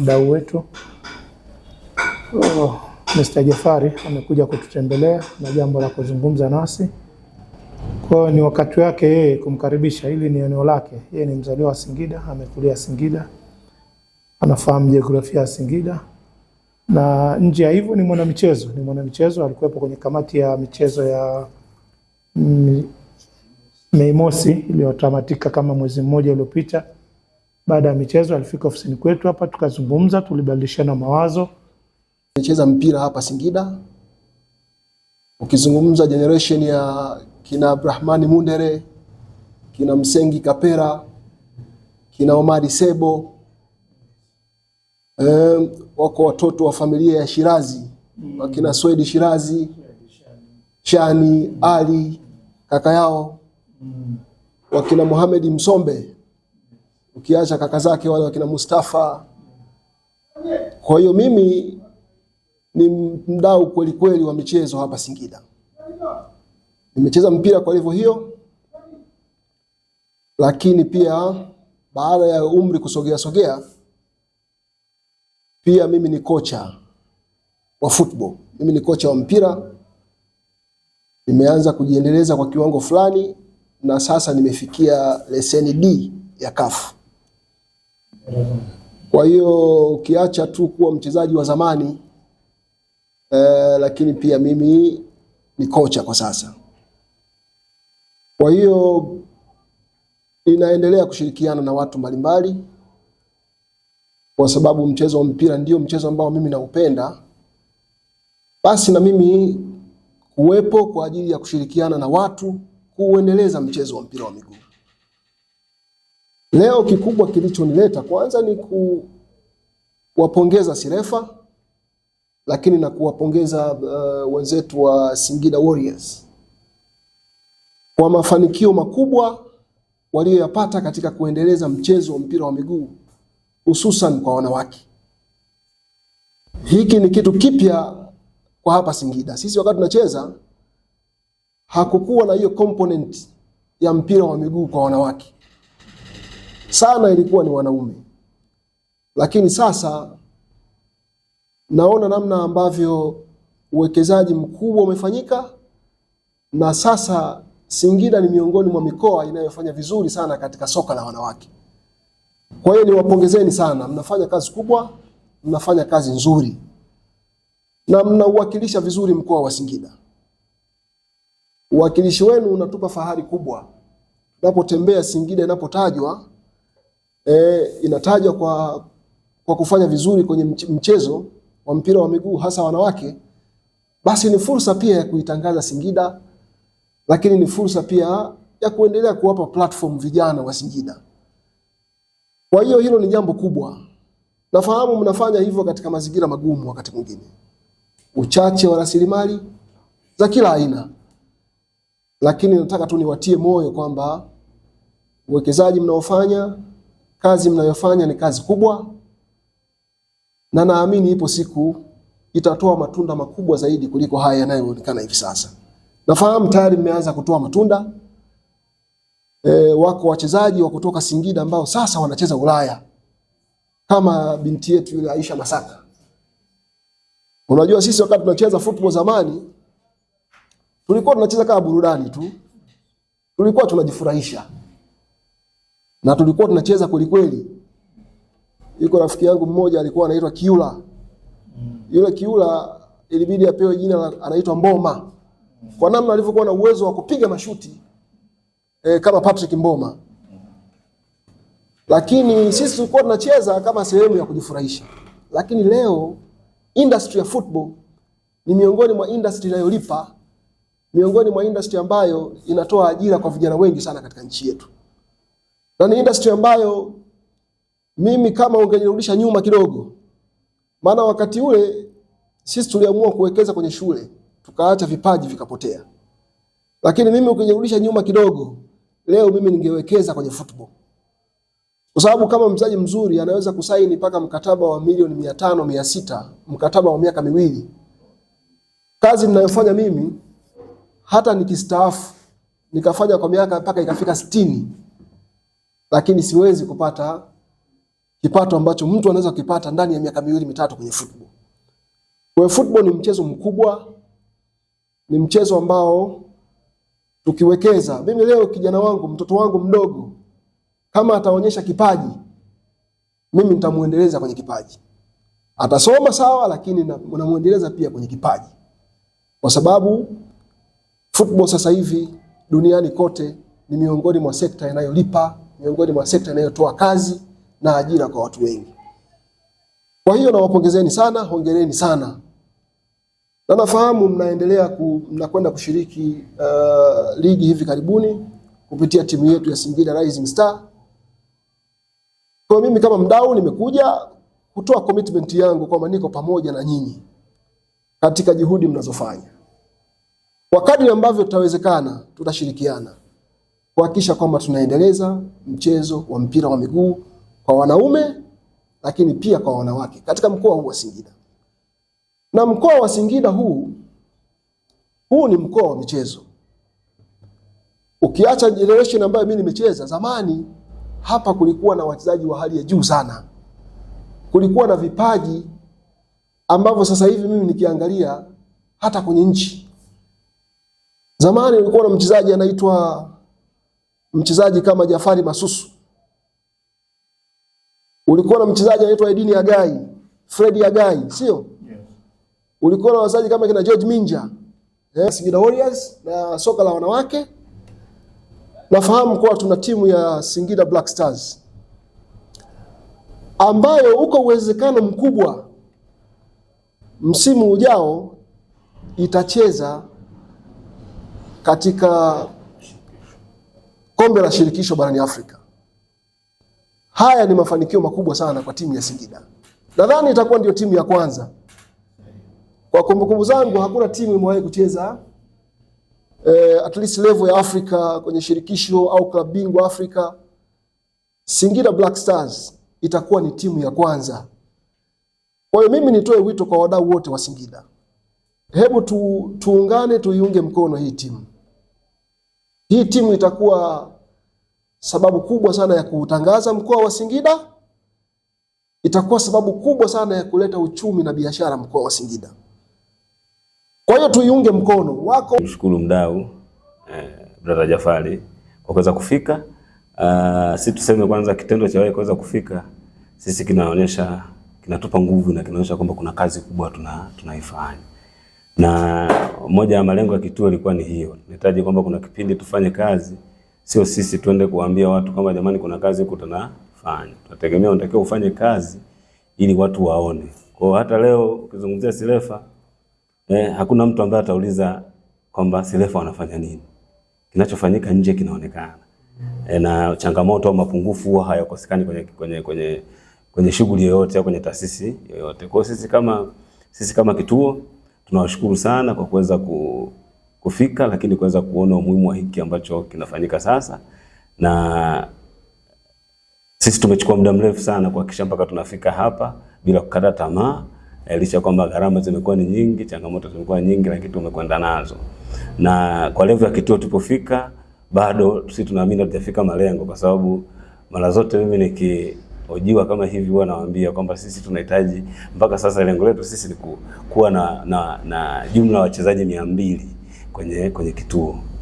Mdau wetu oh, Mr. Jafari amekuja kututembelea na jambo la kuzungumza nasi. Kwa hiyo ni wakati wake yeye kumkaribisha, hili ni eneo lake. Yeye ni mzaliwa wa Singida, amekulia Singida, anafahamu jiografia ya Singida, na nje ya hivyo ni mwanamichezo, ni mwanamichezo, alikuwepo kwenye kamati ya michezo ya Mei Mosi iliyotamatika kama mwezi mmoja uliopita baada ya michezo alifika ofisini kwetu hapa, tukazungumza, tulibadilishana mawazo. Nicheza mpira hapa Singida, ukizungumza generation ya kina Abdrahmani Mundere, kina Msengi Kapera, kina Omari Sebo, um, wako watoto wa familia ya Shirazi wakina Swedi Shirazi, Shani Ali kaka yao, wakina Muhamedi Msombe ukiacha kaka zake wale wakina Mustafa. Kwa hiyo mimi ni mdau kweli kweli wa michezo hapa Singida, nimecheza mpira kwa hivyo hiyo, lakini pia baada ya umri kusogea sogea, pia mimi ni kocha wa football, mimi ni kocha wa mpira. Nimeanza kujiendeleza kwa kiwango fulani, na sasa nimefikia leseni D ya kafu kwa hiyo ukiacha tu kuwa mchezaji wa zamani eh, lakini pia mimi ni kocha kwa sasa. Kwa hiyo inaendelea kushirikiana na watu mbalimbali kwa sababu mchezo wa mpira ndio mchezo ambao mimi naupenda, basi na mimi kuwepo kwa ajili ya kushirikiana na watu kuuendeleza mchezo wa mpira wa miguu. Leo kikubwa kilichonileta kwanza ni kuwapongeza Sirefa, lakini na kuwapongeza uh, wenzetu wa Singida Warriors kwa mafanikio makubwa walioyapata katika kuendeleza mchezo wa mpira wa miguu hususan kwa wanawake. Hiki ni kitu kipya kwa hapa Singida. Sisi wakati tunacheza hakukuwa na hiyo component ya mpira wa miguu kwa wanawake sana ilikuwa ni wanaume, lakini sasa naona namna ambavyo uwekezaji mkubwa umefanyika na sasa Singida ni miongoni mwa mikoa inayofanya vizuri sana katika soka la wanawake. Kwa hiyo niwapongezeni sana, mnafanya kazi kubwa, mnafanya kazi nzuri na mnauwakilisha vizuri mkoa wa Singida. Uwakilishi wenu unatupa fahari kubwa, unapotembea Singida inapotajwa e, inatajwa kwa, kwa kufanya vizuri kwenye mchezo wa mpira wa miguu hasa wanawake, basi ni fursa pia ya kuitangaza Singida, lakini ni fursa pia ya kuendelea kuwapa platform vijana wa Singida. Kwa hiyo hilo ni jambo kubwa. Nafahamu mnafanya hivyo katika mazingira magumu, wakati mwingine uchache wa rasilimali za kila aina, lakini nataka tu niwatie moyo kwamba uwekezaji mnaofanya Kazi mnayofanya ni kazi kubwa, na naamini ipo siku itatoa matunda makubwa zaidi kuliko haya yanayoonekana hivi sasa. Nafahamu tayari mmeanza kutoa matunda e, wako wachezaji wa kutoka Singida ambao sasa wanacheza Ulaya kama binti yetu yule Aisha Masaka. Unajua, sisi wakati tunacheza football zamani tulikuwa tunacheza kama burudani tu, tulikuwa tunajifurahisha na tulikuwa tunacheza kweli kweli. Yuko rafiki yangu mmoja alikuwa anaitwa Kiula. Yule Kiula ilibidi apewe jina anaitwa Mboma kwa namna alivyokuwa na uwezo wa kupiga mashuti e, kama Patrick Mboma. Lakini sisi tulikuwa tunacheza kama sehemu ya kujifurahisha, lakini leo industry ya football ni miongoni mwa industry inayolipa, miongoni mwa industry ambayo inatoa ajira kwa vijana wengi sana katika nchi yetu na ni industry ambayo mimi kama ungenirudisha nyuma kidogo, maana wakati ule sisi tuliamua kuwekeza kwenye shule tukaacha vipaji vikapotea, lakini mimi ukinirudisha nyuma kidogo, leo mimi ningewekeza kwenye football, kwa sababu kama mchezaji mzuri anaweza kusaini mpaka mkataba wa milioni mia tano mia sita mkataba wa miaka miwili. Kazi ninayofanya mimi hata nikistaafu nikafanya kwa miaka mpaka ikafika sitini lakini siwezi kupata kipato ambacho mtu anaweza kupata ndani ya miaka miwili mitatu kwenye football. Kwa football ni mchezo mkubwa, ni mchezo ambao tukiwekeza, mimi leo kijana wangu, mtoto wangu mdogo, kama ataonyesha kipaji, mimi nitamuendeleza kwenye kipaji. Atasoma sawa, lakini namuendeleza pia kwenye kipaji, kwa sababu football sasa hivi duniani kote ni miongoni mwa sekta inayolipa miongoni mwa sekta inayotoa kazi na ajira kwa watu wengi. Kwa hiyo nawapongezeni sana, hongereni sana, na nafahamu mnaendelea ku, mnakwenda kushiriki uh, ligi hivi karibuni kupitia timu yetu ya Singida Rising Star. Kwa mimi kama mdau nimekuja kutoa commitment yangu kwamba niko pamoja na nyinyi katika juhudi mnazofanya. Kwa kadri ambavyo tutawezekana tutashirikiana kuhakikisha kwamba tunaendeleza mchezo wa mpira wa miguu kwa wanaume lakini pia kwa wanawake katika mkoa huu wa Singida. Na mkoa wa Singida huu huu ni mkoa wa michezo. Ukiacha generation ambayo mimi nimecheza zamani, hapa kulikuwa na wachezaji wa hali ya juu sana, kulikuwa na vipaji ambavyo sasa hivi mimi nikiangalia hata kwenye nchi. Zamani ulikuwa na mchezaji anaitwa mchezaji kama Jafari Masusu, ulikuwa na mchezaji anaitwa Edini Agai, Fredi Agai, sio? Ulikuwa na wachezaji kama kina George Minja eh, Singida Warriors na soka la wanawake. Nafahamu kuwa tuna timu ya Singida Black Stars ambayo uko uwezekano mkubwa msimu ujao itacheza katika kombe la shirikisho barani Afrika. Haya ni mafanikio makubwa sana kwa timu ya Singida. Nadhani itakuwa ndio timu ya kwanza. Kwa kumbukumbu zangu hakuna timu imewahi kucheza eh, at least level ya Afrika kwenye shirikisho au klabu bingwa Afrika. Singida Black Stars itakuwa ni timu ya kwanza. Kwa hiyo mimi nitoe wito kwa wadau wote wa Singida, hebu tu, tuungane tuiunge mkono hii timu. Hii timu itakuwa sababu kubwa sana ya kuutangaza mkoa wa Singida, itakuwa sababu kubwa sana ya kuleta uchumi na biashara mkoa wa Singida. Kwa hiyo tuiunge mkono wako. Mshukuru mdau eh, brada Jafari kwa kuweza kufika. Uh, si tuseme kwanza kitendo cha wewe kuweza kufika sisi kinaonyesha kinatupa nguvu na kinaonyesha kwamba kuna kazi kubwa tuna tunaifanya, na moja ya malengo ya kituo ilikuwa ni hiyo, nahitaji kwamba kuna kipindi tufanye kazi sio sisi tuende kuambia watu kama jamani, kuna kazi huko tunafanya. Tunategemea unatakiwa ufanye kazi ili watu waone. Kwa hata leo ukizungumzia Silefa eh, hakuna mtu ambaye atauliza kwamba Silefa wanafanya nini. Kinachofanyika nje kinaonekana. E, na changamoto au mapungufu huwa hayakosekani kwenye kwenye kwenye kwenye shughuli yoyote au kwenye taasisi yoyote. Kwa sisi kama sisi kama kituo tunawashukuru sana kwa kuweza ku kufika, lakini kuweza kuona umuhimu wa hiki ambacho kinafanyika sasa, na sisi tumechukua muda mrefu sana kuhakikisha mpaka tunafika hapa bila kukata tamaa, eh, licha kwamba gharama zimekuwa ni nyingi, changamoto zimekuwa nyingi, lakini tumekwenda nazo, na kwa level ya kituo tulipofika, bado sisi tunaamini hatujafika malengo, kwa sababu mara zote mimi niki hojiwa kama hivi huwa nawaambia kwamba sisi tunahitaji mpaka sasa lengo letu sisi ni kuwa na, na, na jumla ya wachezaji mia mbili kwenye, kwenye kituo.